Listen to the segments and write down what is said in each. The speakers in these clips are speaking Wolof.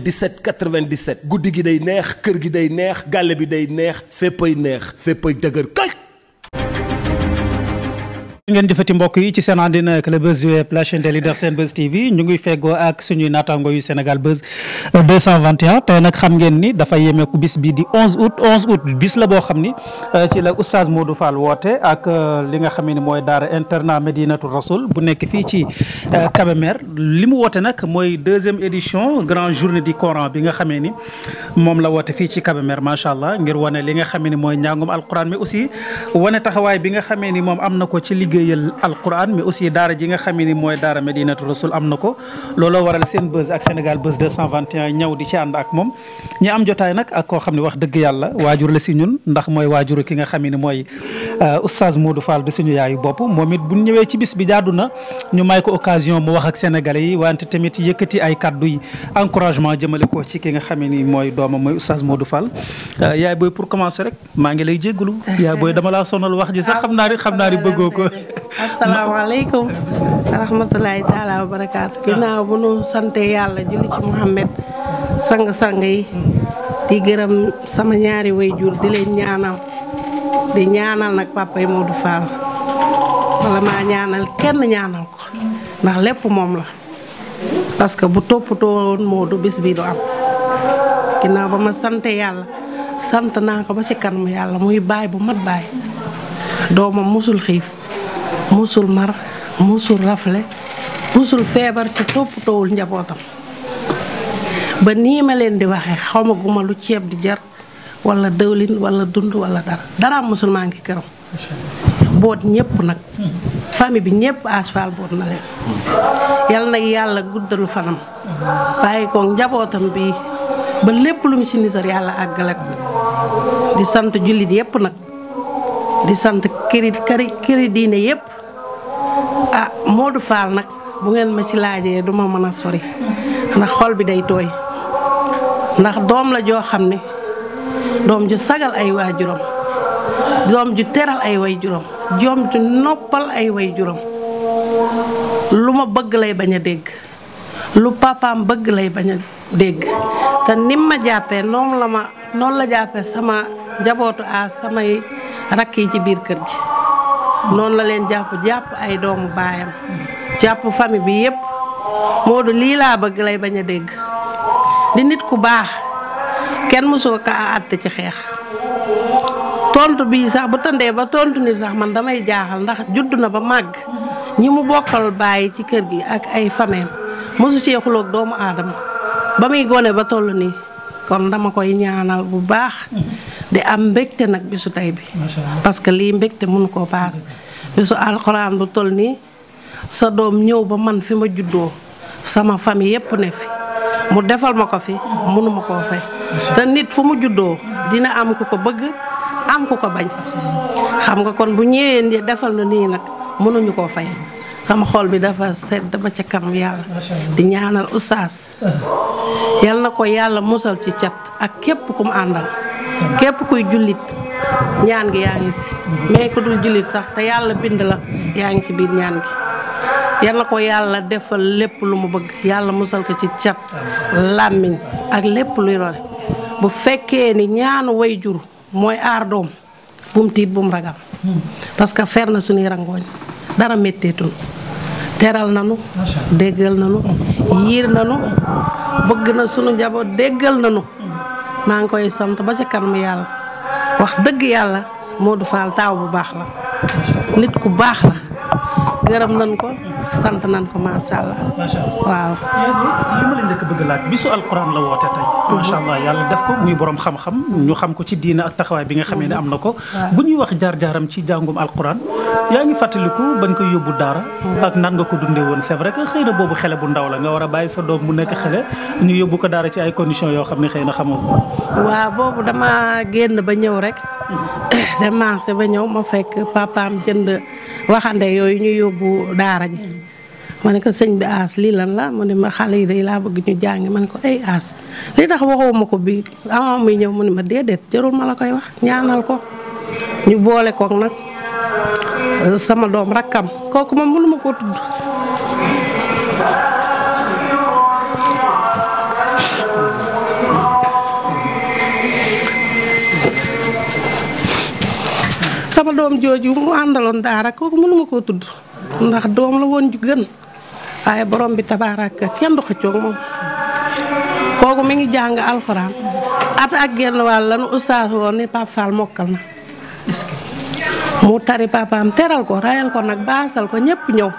97 97 guddi gi day neex kër gi day neex gàlle bi day neex féppay neex ay dëgër kay ngeen jëfati mbokk yi ci seen àndina ak le buzz la chaîne des leaders Senbuzz TV ñu ngi ak suñuy naataango yu Sénégal Buzz 221 xam ngeen ni dafa yemeeku bis bi di 11 bis la boo xam ni euh, ci la oustaz Modou Fall woote ak euh, li nga xam ne mooy daara internat Medinatul Rasoul bu nekk fii ci euh, Kébémer li mu woote nag mooy deuxième édition grande journée du Coran bi nga xamee ni moom la woote fii ci Kébémer macha allah ngir wane li nga xamee ni mooy njàngum alquran mais aussi bi nga liggéeyal alquran mais aussi daara ji nga xam ni mooy daara Medinatu Rasul am na ko looloo waral seen buzz ak Sénégal buzz 221 ñëw di ne wax dëgg yàlla waajur la si ñun ndax mooy waajur ki nga xam ni mooy euh, oustaz Modou Fall di suñu yaayu bopp moom it bu ñëwee ci bis bi jaadu na ñu may ko occasion mu wax ak sénégalais yi wante tamit yëkkati ay kaddu yi encouragement jëmale ko ci ki nga xam ni mooy doomam mooy oustaz Modou Fall euh, yaay booy pour commencer rek maa ngi lay jéggalu yaay booy dama laa sonal wax ji sax xam naa ni asalaamaaleykum wa rahmatulahi taala bu sante yàlla julli sang yi di gërëm sama ñaari wayjur di ñaanal nag papa yi Modou maa ñaanal kenn ñaanal ko ndax lépp moom la parce que bu toppatoo woon Modou bis bi du am ginnaaw ba ma sante yàlla sant naa ko ba ci kanam yàlla muy baay bu mat baay doomam mosul xiif musul mar musul rafle musul feebar te toppatoowul njabootam ba nii ma leen di waxee xamaguma lu ceeb di jar walla dëwlin wala dund walla dara dara musul maa ngi këram boot ñépp nag fami bi ñépp asfaal boot na leen yal na yàlla guddalu fanam bàyyi ko njabootam bi ba lépp lu mu si nisar yàlla àggale ko di sant jullit yépp nag di sant këri këri këri diine yépp ah Modou Fall nag bu ngeen ma ci laajee duma mën a sori ndax xol bi day tooy ndax doom la joo xam ne doom ju sagal ay waajuram doom ju teral ay waajuram doom ju noppal ay waajuram lu ma bëgg lay bañ a dégg lu papaam bëgg lay bañ a dégg te nim ma jàppee noonu la ma noonu la jàppee sama njabootu aas samay rakk yi ci biir kër gi noonu la leen jàpp jàpp ay doomu baayam jàpp famille bi yépp Modou lii laa bëgg lay bañ a dégg di nit ku baax kenn mosoo ko a àtte ci xeex tontu bii sax bu tëndee ba tontu ni sax man damay jaaxal ndax juddu na ba màgg ñi mu bokkal bàyyi ci kër gi ak ay fameem mosu cee xuloog doomu aadama ba muy gone ba toll nii kon dama koy ñaanal bu baax di am mbégte nag bisu tey bi parce que lii mbégte mënu koo paas bisu alxuraan bu toll nii sa doom ñëw ba man fi ma juddoo sama fam yépp ne fi mu defal ma ko fi mënuma koo fay te nit fu mu juddoo dina am ku ko bëgg am ku ko bañ xam nga kon bu ñëwee defal na nii nag mënuñu koo fay sama xol bi dafa sedd ba ca kanam yàlla di ñaanal ustaas ah. yal na ko yàlla musal ci cat ak képp ku mu àndal képp kuy jullit ñaan gi yaa ngi si mais ko dul jullit sax te yàlla bind la yaa ngi si biir ñaan gi yal na ko yàlla defal lépp lu mu bëgg yàlla musal ko ci cat làmmiñ ak lépp luy rore bu fekkee ni ñaanu way jur mooy aar doom bu mu tiit bu ragal parce que fer na suñuy rangooñ dara métteetun teral nanu déggal nanu yiir nanu bëgg na sunu njaboot déggal nanu maa ngi koy sant ba ca kanam yàlla wax dëgg yàlla Modou Fall taaw bu baax la nit ku baax la gërëm nañ ko sant nañ ko macha allah. waaw. li ma la njëkk bëgg laaj bisu alquran la woote tey. Mhm. macha allah yàlla def ko muy borom xam-xam ñu xam ko ci diina ak taxawaay bi nga xamee ne mhm. am na ko. bu ñuy wax jaar-jaaram ci jàngum alquran yaa ngi fàttaliku bañ koy yóbbu daara. Mhm. ak nan nga ko dundee woon c'est vrai que xëy na boobu xele bu ndaw la nga war a bàyyi sa doom mu nekk xele ñu yóbbu ko daara ci ay condition yoo xam ne xëy na xamoo ko. boobu dama génn ba ñëw de marché ba ñëw ma fekk papaam jënd waxande yooyu ñu yóbbu daara ji ma ne ko sëñ bi aas lii lan la mu ne ma xale yi day laa bëgg ñu jàngi ma ne ko ay aas li tax waxoo ko bii avant muy ñëw mu ne ma déedéet jarul ma la koy wax ñaanal ko ñu boole koog nag sama doom rakkam kooku moom mënuma koo tudd sama doom jooju mu àndaloon daara kooku mënuma koo tudd ndax doom la woon ju gën waaye borom bi tabaaraka kenn du xëccoog moom kooku mi ngi jàng alxuraan at ak genn wàll lanu ustaas woon ni Pape Fall mokkal na mu tari papaam teral ko rayal ko nag baasal ko ñëpp ñëw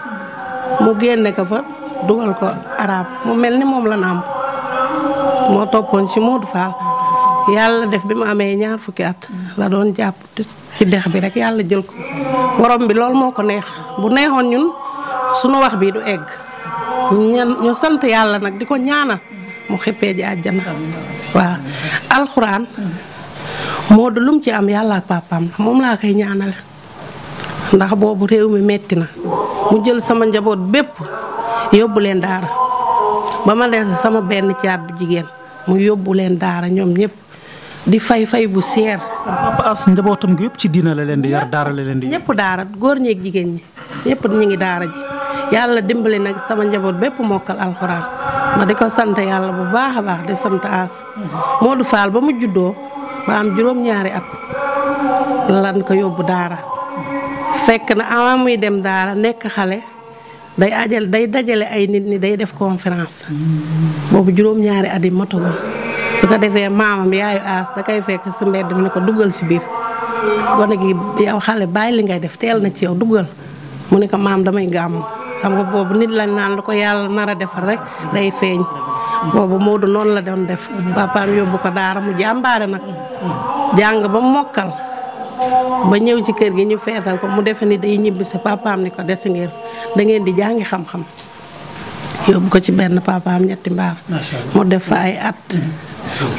mu génne ko fa dugal ko araab mu mel ni moom la nàmp moo toppoon ci Modou Fall yàlla def bi mu amee ñaar fukki at la doon jàpp ci dex bi rek yàlla jël ko borom bi loolu moo ko neex bu neexoon ñun sunu wax bii du egg ñu sant yàlla nag di ko ñaanal mu xippee ji àjjana waaw alxuraan moo du lum ci am yàlla ak papaam moom laa koy ñaanale ndax boobu réew mi metti na mu jël sama njaboot bépp yóbbu leen daara ba ma des sama benn caat bu jigéen mu yóbbu leen daara ñoom ñëpp di fay fay bu seer. papa njabootam gi yëpp ci diina la leen di yar daara la leen di. ñëpp daara góor ñeeg jigéen ñi ñëpp ñu ngi daara ji yàlla dimbali nag sama njaboot bépp mokkal alxuraan ma di ko sante yàlla bu baax a baax di sant as. Modou Fall ba mu juddoo ba am juróom-ñaari at lan ko yóbbu daara fekk na avant muy dem daara nekk xale. day ajal day dajale ay nit ñi day def conférence boobu juróom-ñaari at yi motagul su ko defee maamam yaayu aas da koy fekk si mbedd mu ne ko dugal si biir gone gi xale bàyyi li ngay def teel na ci yow duggal mu ne ko maam damay gàmm xam nga boobu nit lañ naan la ko yàlla nar a defar rek day feeñ boobu Modou noonu la doon def papaam yóbbu ko daara mu jàmbaare nag jàng ba mokkal ba ñëw ci kër gi ñu feetal ko mu defe ni day ñibbi si papaam ni ko des ngeen da di jàngi xam-xam yóbbu ko ci benn papaam ñetti mbaar mu def fa ay at mm-hmm.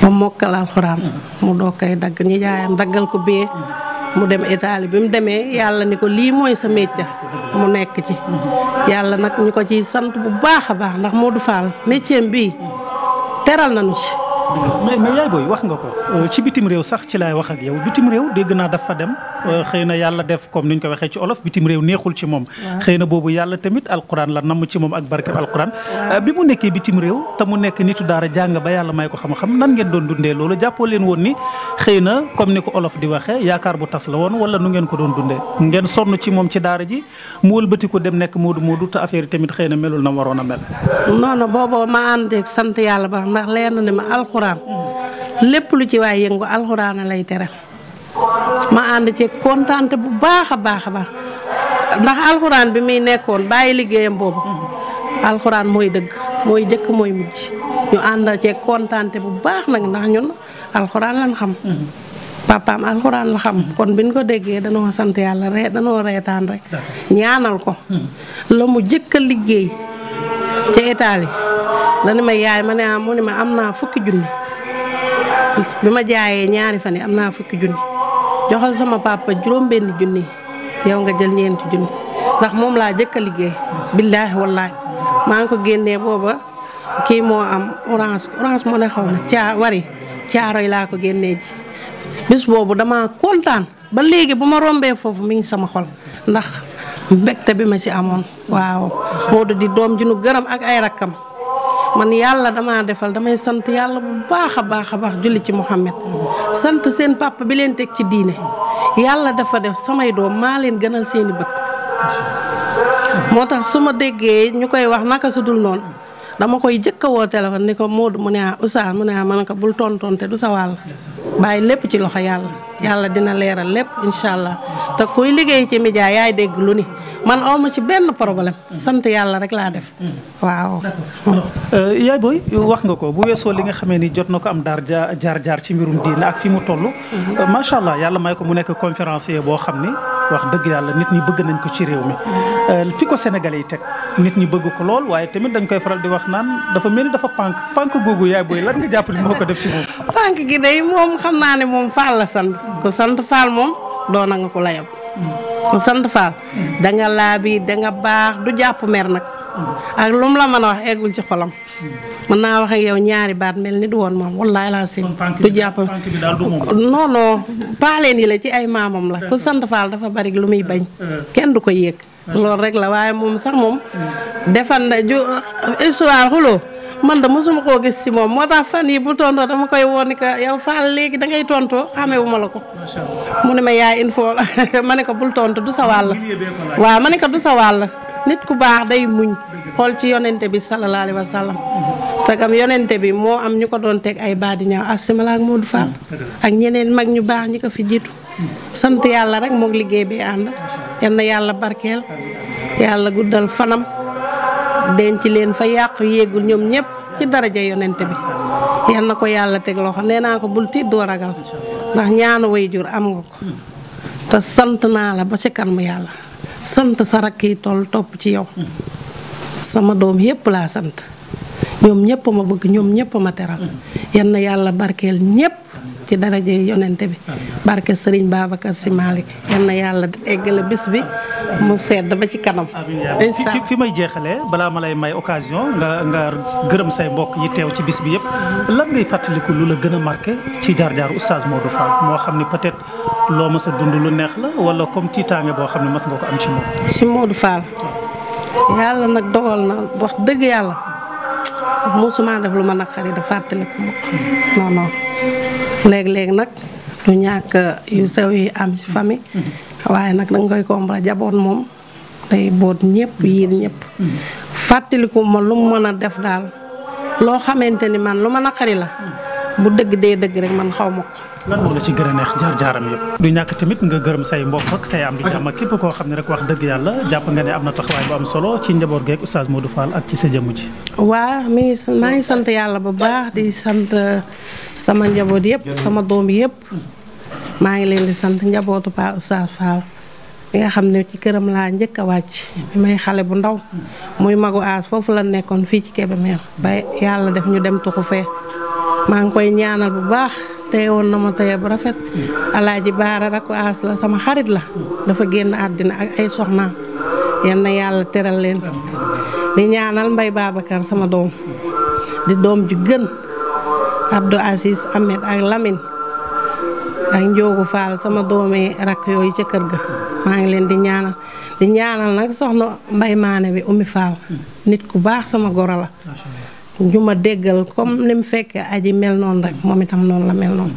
ba mokkal alxuraan mu doo koy dagg ñi jaayam daggal ko bee mu dem Italie bi mu demee yàlla ni ko lii mooy sa métier mu nekk ci yàlla nag ñu ko ciy sant bu baax a baax ndax moo du Fall métier bii teral nañu ci mais mais yaay booy wax nga ko euh, ci bitim réew sax ci laay wax ak yow bitim réew dégg naa dafa dem euh, xëy yàlla def comme ni ko waxee ci olof bitim réew neexul ci moom xëy boobu yàlla tamit alquran la namm ci moom ak barkeb alquran euh, bi mu nekkee bitim réew te mu nekk nitu daara jàng ba yàlla may ko xam-xam nan ngeen doon dundee loolu jàppoo leen woon ni xëy na comme ni ko olof di waxee yaakaar bu tas la woon wala nu ngeen ko doon dundee ngeen sonn ci moom ci daara ji mu wëlbati ko dem nekk moodu moodu te na melul na waroon a alxuraan lépp lu ci waay yëngu alxuraan lay teral ma ànd ci kontaante bu baax a baax a baax ndax alxuraan bi muy nekkoon bàyyi liggéeyam boobu alxuraan mooy dëgg mooy jëkk mooy mujj ñu ànd ci kontaante bu baax nag ndax ñun alxuraan lañ xam papaam alxuraan la xam kon biñ ko déggee danoo sant yàlla ree danoo reetaan rek ñaanal ko hmm. la mu jëkk a liggéey ca Italie la ma yaay ma ne ah, mu ma am naa fukki junni bi ma jaayee ñaari fan yi am naa fukki junni joxal sama papa juróom-benni junni nga jël ñeenti junni ndax moom laa jëkk a liggéey billaahi wallaahi maa ngi ko génnee booba kii moo am orange orange moo ne laa ko génnee ji bis boobu dama kontaan ba léegi bu ma rombee foofu mi ngi sama xol ndax mbégte bi ma ci amoon waaw Modou di doom ji nu gërëm ak ay rakkam man yàlla damaa defal damay sant yàlla bu baax a baax a baax julli ci Mouhamed sant seen pàpp bi leen teg ci diine yàlla dafa def samay doom maa leen gënal seeni bët moo tax su ma déggee ñu koy wax naka su dul noonu dama koy jëkk woo téléphone ni ko Modou mu ne ah Oustaz mu ne ah ma ne ko bul tontonte du sa wàll bàyyi lépp ci loxo yàlla yàlla dina leeral lépp incha allah te kuy liggéey ci média yaay dégg lu ni man awma ci benn problème sant yàlla rek laa def waaw euh, yaay booy wax nga ko bu weesoo li nga xamee ni jot na ko am daar jaar jaar ci mbirum diine ak fi mu toll euh, macha allah yàlla may ko mu nekk conférencier boo xam ni wax dëgg yàlla nit ñi bëgg nañ ko ci réew mi euh, fi ko sénégal yi teg nit ñi bëgg ko lool waaye tamit dañ koy faral di wax naan dafa mel ni dafa pànk pànk googu yaay booy lan nga jàpp ni moo ko def ci moom pànk gi day moom xam naa ne moom Fall doo na nga ko layam ku sant Fall da nga laabi da nga baax du jàpp mer nag ak lu la mën a wax eggul ci xolam mën naa wax ak yow ñaari baat mel ni du woon moom wallaahi laa si du jàpp non non paaleen yi la ci ay maamam la ku sant Fall dafa bari lu muy bañ eh, eh. kenn du ko yéeg eh. loolu rek la waaye moom sax moom defan ju histoire xuloo man da mosuma koo gis si moom moo tax fan yi bu tontoo dama koy wone ni yow Fall léegi dangay tontoo xamewu ma la ko. mu ne ma yaay il faut ma ne ko bul tontu du sa wàll. waaw ma ne ko du sa wàll. nit ku baax day muñ xool ci yonente bi sallallahu alayhi wa sallam sagam yonente bi moo am ñu ko doon teg ay baadi ñaaw asimala ak Modou Fall ak ñeneen mag ñu baax ñi ko fi jiitu sant yàlla rek moo liggéey bi ànd yal yàlla barkeel yàlla guddal fanam denc leen fa yàq yéegul ñoom ñëpp ci daraja yonent bi yal na ko yàlla teg loxo nee naa ko bul tiit doo ragal ndax ñaanu way jur am nga ko te sant naa la ba ci mu yàlla sant sa rakk yi toll topp ci yow sama doom yépp laa sant ñoom ñëpp ma bëgg ñoom ñëpp ma teral yal na yàlla barkeel ñëpp ci daraje yonente bi barke sëriñ Babacar Si Maalik yal na yàlla eggale bis bi mu sedd ba ci kanam fi may jeexalee balaa ma lay may occasion nga nga gërëm say mbokk yi teew ci bis bi yëpp lan ngay fàttaliku lu la gën a marqué ci jaar-jaar oustaz Modou Fall moo xam ni peut-être loo mas a dund lu neex la wala comme tiitaange boo xam ne mas nga ko am ci moom ci Modou Fall yàlla nag dogal na wax dëgg yàlla musuma def lu ma naqari da fàttaliku hmm. non léeg-léeg nag du ñàkk euh, yu sew yi am ci famille mm-hmm. waaye nag danga koy comprendre jaboot moom day boot ñëpp yiir ñëpp mm-hmm. fàttaliku ma lu mu mën a def daal loo xamante ni man lu ma naqari la mm-hmm. bu dëgg dee dëgg rek man xaw ma ko lan moo la ci gën a neex jaar tamit nga gërëm say mbokk ak say am di koo xam ne rek wax dëgg yàlla jàpp nga ne am na taxawaay bu am solo ci njaboot geeg oustaz Modou Fall sa jëmm ji. waa mi maa ngi sant yàlla bu baax di sant uh, sama njaboot yëpp sama doom yëpp maa ngi leen di sant njabootu pa oustaz Fall. li nga xam ne ci këram laa njëkk a wàcc may xale bu ndaw muy magu aas foofu la nekkoon fii ci Kébémer ba yàlla def ñu dem tuxu fee maa ngi koy ñaanal bu baax tey woon na ma tey bu rafet alaaji baara rakku as la sama xarit la dafa génn àddina ak ay soxnaam yal na yàlla teral leen di ñaanal mbay Babacar sama doom di doom ju gën Abdou Aziz Ahmed ak lamin ak Njoogu Fall sama doomee rakk yooyu ca kër ga maa ngi leen di ñaanal di ñaanal nag soxna mbay maane bi ummi Fall nit ku baax sama goro la ñu ma déggal comme ni mu fekkee aji mel noonu rek moom itam noonu la mel noonu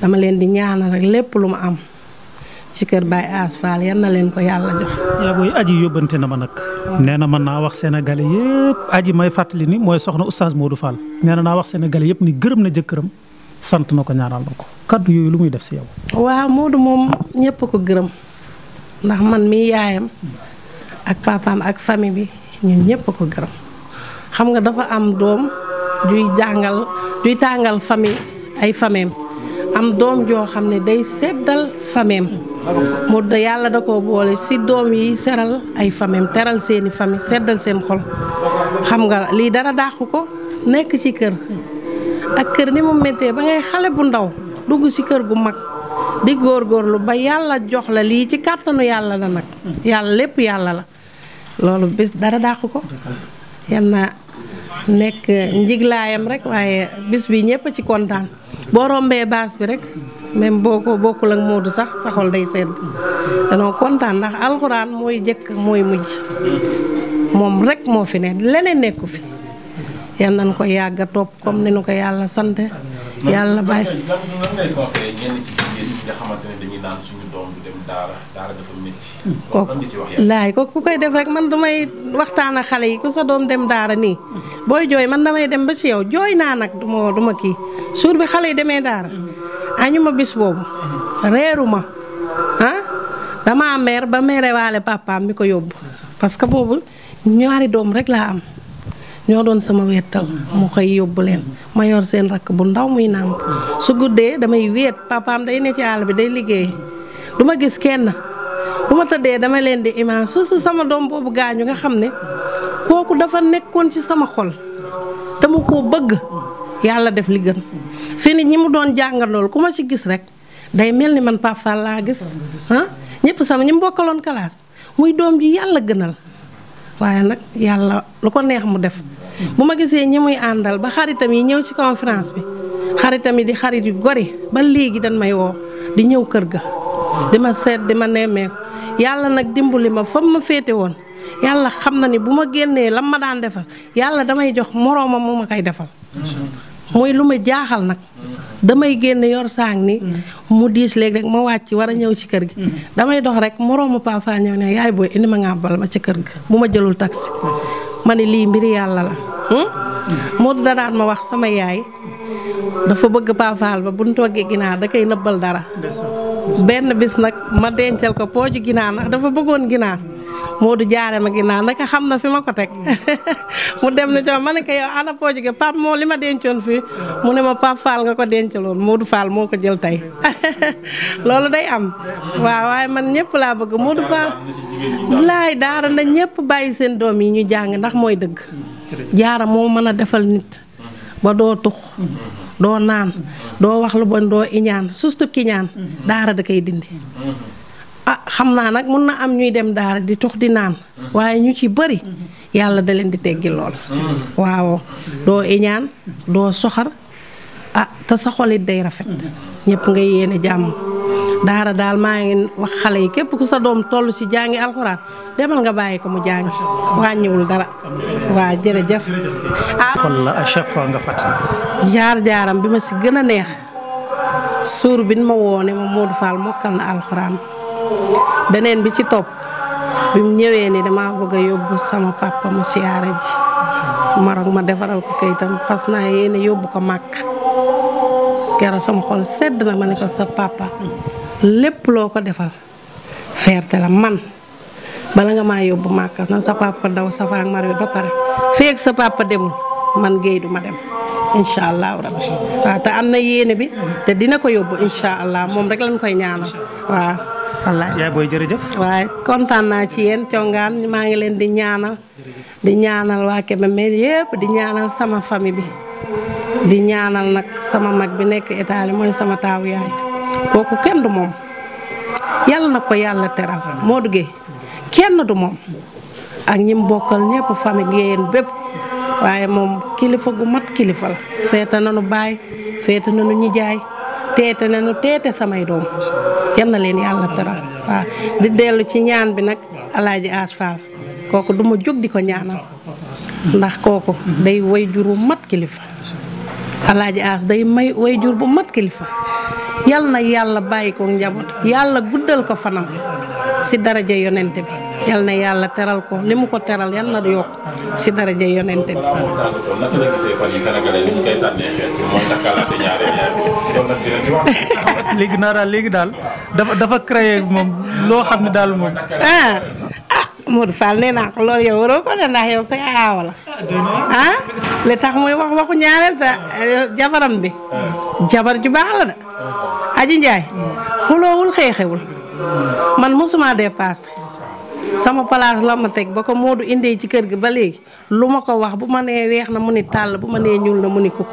dama leen di ñaana rek lépp lu ma am ci kër Baye Ass Fall yan na leen ko yàlla jox. yaa booy aji yóbbante na ma nag. nee na mën naa wax sénégalais yëpp aji may fàttali ni mooy soxna oustaz Modou Fall nee na naa wax sénégalais yëpp ni gërëm na jëkkëram sant na ko ñaanal na ko kaddu yooyu lu muy def si yow. waaw Modou moom ñëpp ko gërëm ndax man mii yaayam ak papaam ak famille bi ñun ñëpp ko gërëm. xam nga dafa am doom juy jàngal juy tàngal famille ay fameem am doom joo xam ne day seddal fameem mu da yàlla da ko boole si doom yi seral ay fameem teral seeni famille seddal seen xol xam nga lii dara dàqu ko nekk ci kër ak kër ni mu méttee ba ngay xale bu ndaw dugg ci kër gu mag di góorgóorlu ba yàlla jox la lii ci kàttanu yàlla la nag yàlla lépp yàlla la loolu bés dara dàqu ko yal na nekk njiglaayam rekk waaye bis bi ñëpp ci kontaan boo rombee baas bi rek même boo ko bokkul ak Modou sax sa xol day sedd danoo kontaan ndax alxuraan mooy jëkk mooy mujj moom rek moo fi ne leneen nekku fi yal nañ ko yàgg a topp comme ni nu ko yàlla sant yàlla bàyyi. lan daara kooku laay ko ku koy def rek man damay waxtaan ak xale yi ku sa doom dem daara nii. booy jooy man damay dem ba si yow jooy naa nag du ma du kii suur bi xale yi demee daara. añu ma bis boobu. reeru ma ah damaa meer ba merewaale waale papaam mi ko yóbbu. parce que boobu ñaari doom rek laa am. ñoo doon sama wéetal mu koy yóbbu leen ma yor seen rakk bu ndaw muy nàmp su guddee damay wéet papaam day ne ci àll bi day liggéey du ma gis kenn bu tëddee dama leen di image su sama doom boobu gaañu nga xam ne kooku dafa nekkoon ci sama xol dama ko bëgg yàlla def li gën fii ni ñi mu doon jàngandool ku ma ci gis rek day mel ni man Pape laa gis ah ñëpp sama ñi mu bokkaloon kalaas muy doom ji yàlla gënal waaye nag yàlla lu ko neex mu def bu ma gisee ñi muy àndal ba xaritam yi ñëw ci conférence bi xaritam yi di xarit yu gori ba léegi dañ may woo di ñëw kër ga di ma seet di ma nemmeeku yàlla nag dimbali ma fa ma féete woon yàlla xam na ni bu ma génnee lam ma daan defal yàlla damay jox moroomam mu ma koy defal. muy lu ma jaaxal nag damay génn yor saang ni mu diis léegi rek ma wàcc war a ñëw ci kër gi damay dox rek moroomu Paa Fall yaay booy indi ma ngàbbal ma ci kër gi bu ma jëlul taxi ma ne lii mbiri yàlla la hmm? moo da daan ma wax sama yaay dafa bëgg paafaal ba bu ñu toggee ginaar da koy nëbbal dara. benn bis nag ma dencal ko pooju ginaar nag dafa bëggoon ginaar. du jaare ma ginaar nag xam na fi ma ko teg mu dem ne coono ma ne ko moo li ma dencoon mu ne ma Pape nga ko dencaloon Modou Fall moo ko jël tey loolu day am. waaw waaye man ñépp laa bëgg Modou Fall. laay daara na ñëpp bàyyi seen doom yi ñu jàng ndax mooy dëgg. jaara moo mën a defal nit. ba doo tux doo naan doo wax lu bon doo iñaan surtout kiñaan daara da koy dindi a ah, xam naa nag mun na am ñuy dem daara di tux di naan waaye ñu ci bëri yàlla da leen di teggi lool waaw doo iñaan doo soxar a ah, te sa xolit day rafet ñëpp ngay yéene jàmm daara daal maa ngi wax xale yi képp ku sa doom toll ci jàngi alxuraan demal nga bàyyi ko mu jàngi wàññiwul dara waa jërëjëf. Ah. kon jaar-jaaram bi ma si gën a neex suur bi ma woone ma Modou mokkal na alxuraan beneen bi ci topp bi mu ñëwee ni damaa bëgg a yóbbu sama papa mu siyaara ji Maroc ma defaral ko kayitam fas naa yéene yóbbu ko Màkka. keroog sama xol sedd na ma ne ko sa papa lépp loo ko defal ferte la man bala nga maa yóbbu màkka na sa papa daw sa faak ba pare feeg sa papa demul man géey duma dem incha allahu rabbi waaw te am na yéene bi te dina ko yóbbu incha allah moom rek lañ koy ñaanal waaw wallaay waaye kontaan naa ci yéen congaan maa ngi leen di ñaanal di ñaanal waa Kébémer yëpp di ñaanal sama famille bi di ñaanal nag sama mag bi nekk Italie mooy sama taaw yaay kooku kenn du moom yàlla na ko yàlla teral moo dugge kenn du moom ak ñi mu bokkal ñëpp famille bépp waaye moom kilifa gu mat kilifa la feete nanu baay na nu ñijaay teete nanu teete samay doom yal na leen yàlla teral waaw di dellu ci ñaan bi nag alaaji As kooku duma jóg di ko ñaanal ndax kooku day way juru mat kilifa alaaji aas day may way jur bu mat kilifa yal na yàlla bàyyi ko njaboot yàlla guddal ko fanam si daraja yonente bi yal na yàlla teral ko li mu ko teral yal na yokk si daraja yonente bi. léegi naa daal léegi daal dafa dafa moom loo xam ne daal moom. ah ah Modou Fall nee naa ko loolu waroo ko ne ndax yow say aawa la. ah li tax muy wax waxu ñaareel te eh, jabaram bi jabar ju baax la de aji njaay xuloowul xeexewul man mosuma dépassé sama palaas la ma teg ba ko Modou indee ci kër gi ba léegi lu ma ko wax bu ma nee weex na mu ni tàll bu ma nee ñuul na mu ni kukk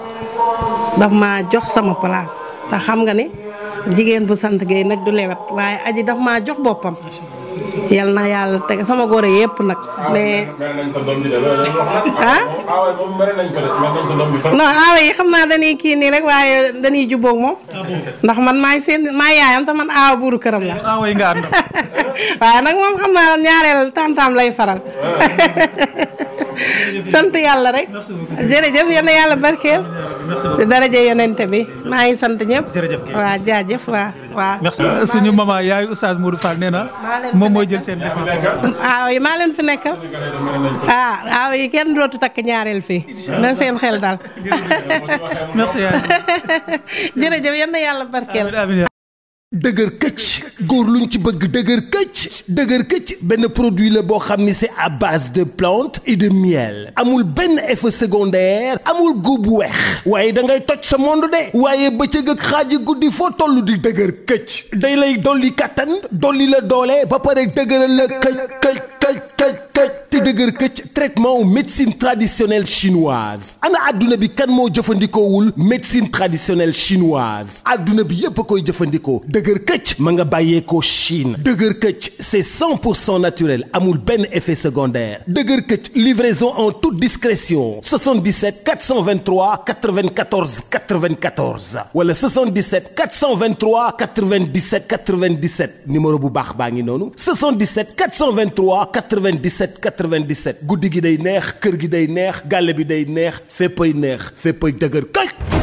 daf maa jox sama palaas te xam nga ni jigéen bu sant Guèye nag du lewet waaye aji daf maa jox boppam yal na yàlla teg sama góor yëpp nag. mais ah. non aawa yi xam naa dañuy kii nii rek waaye dañuy jubboog moom. ndax man maay seen maay yaayam te man aawa buuru këram la. waaye nag moom xam naa ñaareel tam tam lay faral. sant yàlla rek. jërëjëf yal na yàlla barkeel. daraja yonente bi maa ngi sant ñëpp. jërëjëf waaw jaajëf waaw waaw. merci suñu maman yaayu Oustaz Modou Fall nee moom mooy jël seen défense. waaw yi maa leen fi nekk ah waaw yi ah, ah, kenn dootu takk ñaareel fi na seen xel daal. merci yaay. jërëjëf yàlla barkeel. dëgër këcc. góor lu luñ ci bëgg dëgër këcc dëgër këcc benn produit la boo xam ni c'est à base de plantes et de miel amul benn effet secondaire amul góob bu weex waaye da ngay toj sa monde de waaye bëccëg ak xaaji guddi foo toll di dëgër këcc day lay dolli kattan dolli la doole ba pare dëgëral la këcc këcc këcc këcc te dëgër këcc traitement médecine traditionnelle chinoise ana àdduna bi kan moo jëfandikoowul médecine traditionnelle chinoise adduna bi yépp koy jëfandikoo bàyyeekoo Chine dëgër këcc c'est 100 pour cent naturel amul benn effet secondaire dëgër këcc livraison en toute discrétion 77 423 94 94 wala 77 423 97 97 numéro bu baax baa ngi noonu 77 423 97 97 guddi gi day neex kër gi day neex gàlle bi day neex féppay neex féppay dëgër këcc.